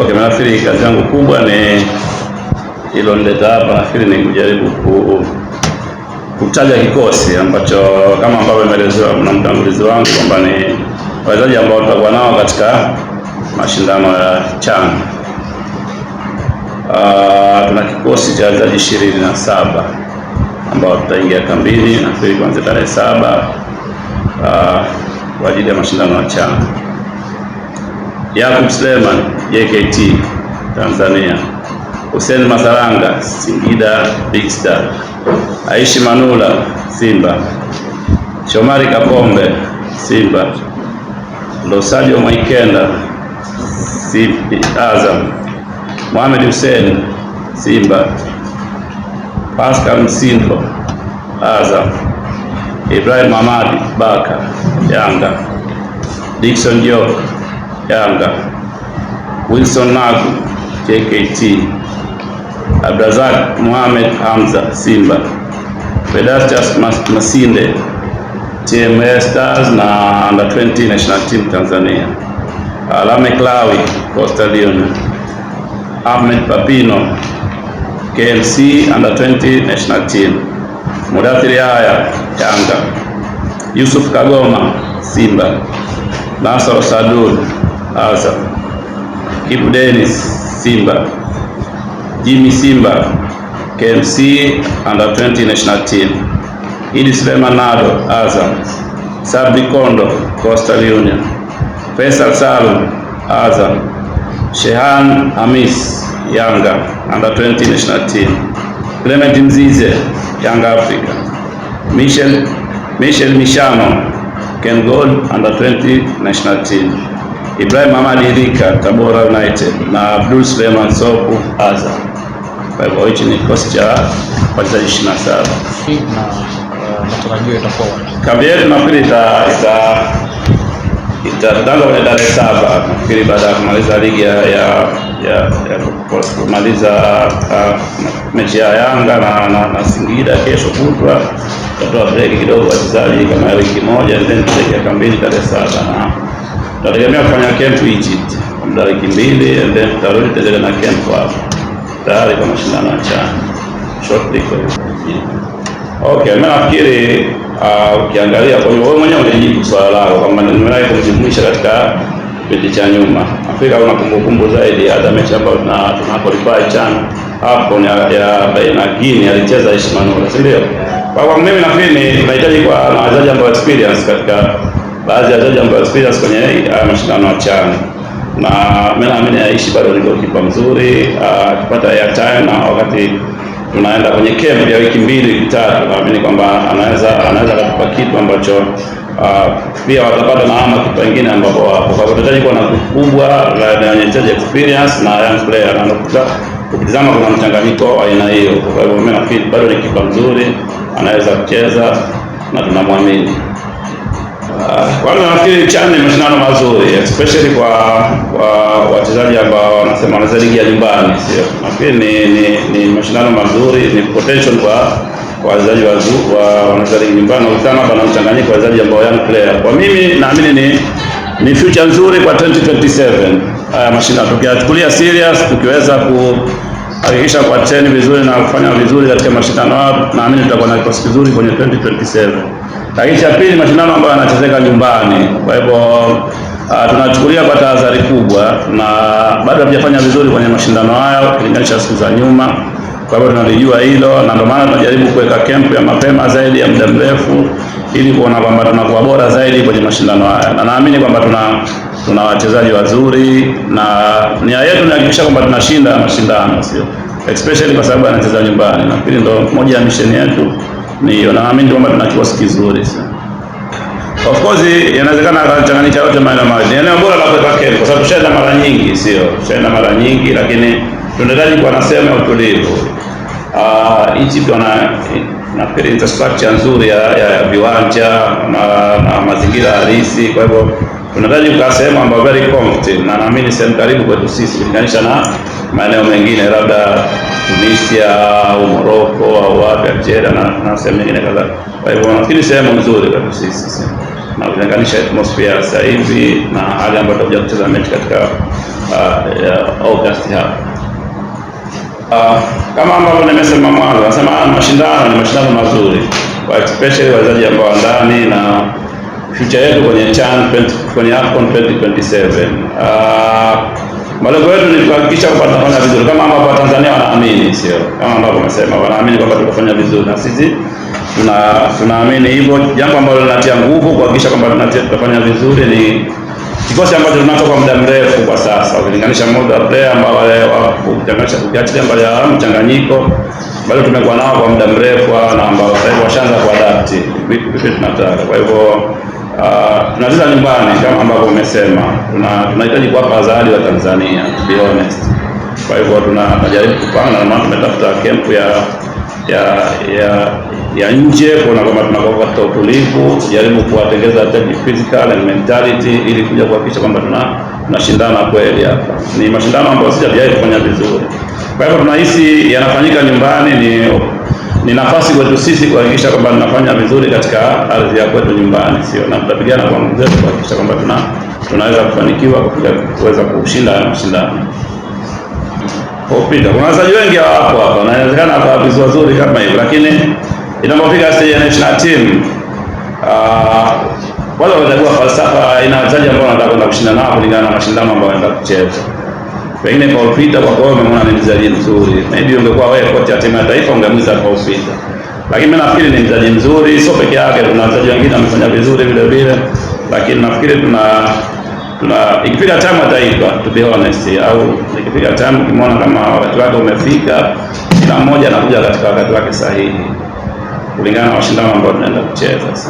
Okay, nafikiri kazi yangu kubwa ni ilonileta hapa, nafikiri ni kujaribu ku, kutaja kikosi ambacho kama ambavyo imeelezewa na mtangulizi wangu kwamba ni wachezaji ambao tutakuwa nao katika mashindano ya CHAN. Uh, tuna kikosi cha wachezaji ishirini na saba ambao tutaingia kambini nafikiri kuanzia tarehe saba uh, kwa ajili ya mashindano ya CHAN. Yakub Suleiman JKT Tanzania, Hussein Masalanga Singida Big Star, Aishi Manula Simba, Shomari Kapombe Simba, Losajo Mwaikenda Azam, Mohamed Hussein Simba, Pascal Msindo Azam, Ibrahim mamadi Baka Yanga, Dickson Job Yanga Wilson nagu JKT, Abdrazak Mohamed Hamza Simba, Vedastus Masinde TMA Stars na under 20 national team Tanzania, Alame Klawi Costa Leone, Ahmed Papino KMC under 20 national team, Mudathiri aya Yanga, Yusuf Kagoma Simba, nasaro Sadud Azam Kibu Dennis Simba, Jimmy Simba KMC under 20 national team, Idi Suleiman Nado Azam, Sabri Kondo Coastal Union, Faisal Salum Azam, Shehan Hamis Yanga under 20 national team, Clement Mzize Yanga Africa, Michel Michel Mishano Ken Gold under 20 national team. Ibrahim Ahmad Idhika Tabora United na Abdul Suleiman Sopu Azam. Kwa hivyo hichi ni kikosi cha wachezaji 27. Matarajio itakuwa kambi yetu nafikiri itaanza kwenye tarehe saba nafikiri baada ya kumaliza ligi ya kumaliza uh, mechi ya Yanga na, na, na Singida kesho kutwa, tutatoa breki kidogo wachezaji kama wiki moja, then tutaingia kambini tarehe saba na Tutategemea kufanya camp Egypt muda wiki mbili, and then tutarudi tutaendelea na camp hapo tayari kwa mashindano ya CHAN shortly. Okay, mimi nafikiri uh, ukiangalia, kwa hiyo wewe mwenyewe unajibu swala lako kwamba nimelai kumjumuisha katika kipindi cha nyuma. Afrika una kumbukumbu zaidi hata mechi ambayo tunakwalify CHAN hapo ni ya baina gini alicheza Ismail si ndio? Kwa kwa mimi nafikiri tunahitaji kwa na wachezaji ambao experience katika baadhi ya wachezaji ambao experience kwenye haya mashindano ya CHAN na mimi naamini Aishi bado ni goalkeeper mzuri, ah, akipata ya time na wakati tunaenda kwenye camp ya wiki mbili tatu, naamini kwamba anaweza anaweza kutupa kitu ambacho ah, pia watapata na ama kitu kingine ambapo wapo kwa wachezaji kwa na kubwa la wenye experience na young player, na nakuta ukitazama kuna mchanganyiko wa aina hiyo. Kwa hivyo mimi nafikiri bado ni kipa mzuri, anaweza kucheza na tunamwamini. Kwanza ah, nafikiri CHAN ni mashindano mazuri especially kwa kwa wachezaji ambao wanasema wanacheza ligi ya nyumbani, sio? Nafikiri ni, ni, ni mashindano mazuri, ni potential kwa kwa wachezaji wazuri wa wanacheza ligi nyumbani, ukitana hapa na mchanganyiko wa wachezaji ambao young player. Kwa mimi naamini ni ni future nzuri kwa 2027 haya mashindano tukiyachukulia serious, tukiweza ku hakikisha teni vizuri na kufanya vizuri katika mashindano hayo. Naamini tutakuwa na kikosi kizuri kwenye 2027. Lakini cha pili, mashindano ambayo yanachezeka nyumbani. Kwa hivyo uh, tunachukulia kwa tahadhari kubwa, na bado hatujafanya vizuri kwenye mashindano hayo kulinganisha siku za nyuma. Kwa hivyo tunalijua hilo, na ndio maana tunajaribu kuweka kempu ya mapema zaidi ya muda mrefu ili kuona kwamba tunakuwa bora zaidi kwenye mashindano haya, na naamini kwamba tuna tuna wachezaji wazuri, na nia yetu ni kuhakikisha kwamba tunashinda mashindano, sio especially kwa sababu anacheza nyumbani. Nafikiri ndo moja ya mission yetu ni hiyo, na naamini kwamba tuna kikosi kizuri. Of course inawezekana akachanganyika yote maana maji eneo bora la kuweka kwa sababu tushaenda mara nyingi, sio tushaenda mara nyingi, lakini tunahitaji kuwa na sehemu ya utulivu. Uh, hichi tuna nafikiri infrastructure nzuri ya, ya viwanja na, na mazingira halisi. Kwa hivyo tunahitaji kukaa sehemu ambayo very comfortable, na naamini sehemu karibu kwetu sisi kulinganisha na maeneo mengine labda Tunisia au Morocco au wapi Algeria na sehemu nyingine kadhaa. Kwa hivyo nafikiri sehemu nzuri kwetu sisi na kulinganisha atmosphere sasa hivi na hali ambayo tutakuja kucheza mechi katika uh, uh, August hapa Uh, kama ambavyo nimesema mwanzo, nasema ah, mashindano ni mashindano mazuri kwa especially wazaji ambao wa ndani na future yetu kwenye CHAN kwenye AFCON 2027. Uh, malengo yetu ni kuhakikisha kwamba tunafanya vizuri kama ambavyo Watanzania wanaamini, sio kama ambavyo wamesema, wanaamini kwamba tunafanya vizuri na sisi tunaamini hivyo, jambo ambalo linatia nguvu kuhakikisha kwamba tunafanya vizuri ni kikosi ambacho tunacho kwa muda mrefu kwa sasa, ukilinganisha muda wa player ambao wale wapo, ukiachilia mbali ya mchanganyiko, bado tumekuwa nao kwa muda mrefu, na ambao sasa hivi washaanza kuadapt vitu vipi tunataka. Kwa hivyo uh, tunacheza nyumbani kama ambavyo umesema, tunahitaji tuna kuwapa zawadi wa Tanzania to be honest. Kwa hivyo tunajaribu kupanga na maana tumetafuta kempu ya ya ya ya nje kuona kwamba tunakuwa katika utulivu, tujaribu kuwatengeza physical and mentality ili kuja kuhakikisha kwamba tunashindana kweli. Hapa ni mashindano ambayo sijawahi kufanya vizuri, kwa hivyo tunahisi yanafanyika nyumbani ni ni nafasi kwetu sisi kuhakikisha kwamba tunafanya vizuri katika ardhi ya kwetu nyumbani, sio na tutapigana kwa nguvu zetu kuhakikisha kwamba tuna tunaweza kufanikiwa kupiga kuweza kushinda haya mashindano. Kuna wachezaji wengi hawapo hapa, na inawezekana hapa vizuri kama hivyo, lakini inapopiga stage ya national team uh, wale wanachagua falsafa ina wachezaji ambao wanataka kwenda kushinda nao kulingana na mashindano ambayo wanataka kucheza. Pengine Paul Peter kwa kwao umeona ni mchezaji mzuri, maybe ungekuwa wewe kocha ya timu ya taifa ungemuza Paul Peter, lakini mimi nafikiri ni mchezaji mzuri, sio peke yake, tuna wachezaji wengine wamefanya vizuri vile vile, lakini nafikiri tuna tuna ikifika time taifa to be honest, au ikifika time ukimwona kama wakati wake umefika, kila mmoja anakuja katika wakati wake sahihi kulingana na mashindano ambayo tunaenda kucheza.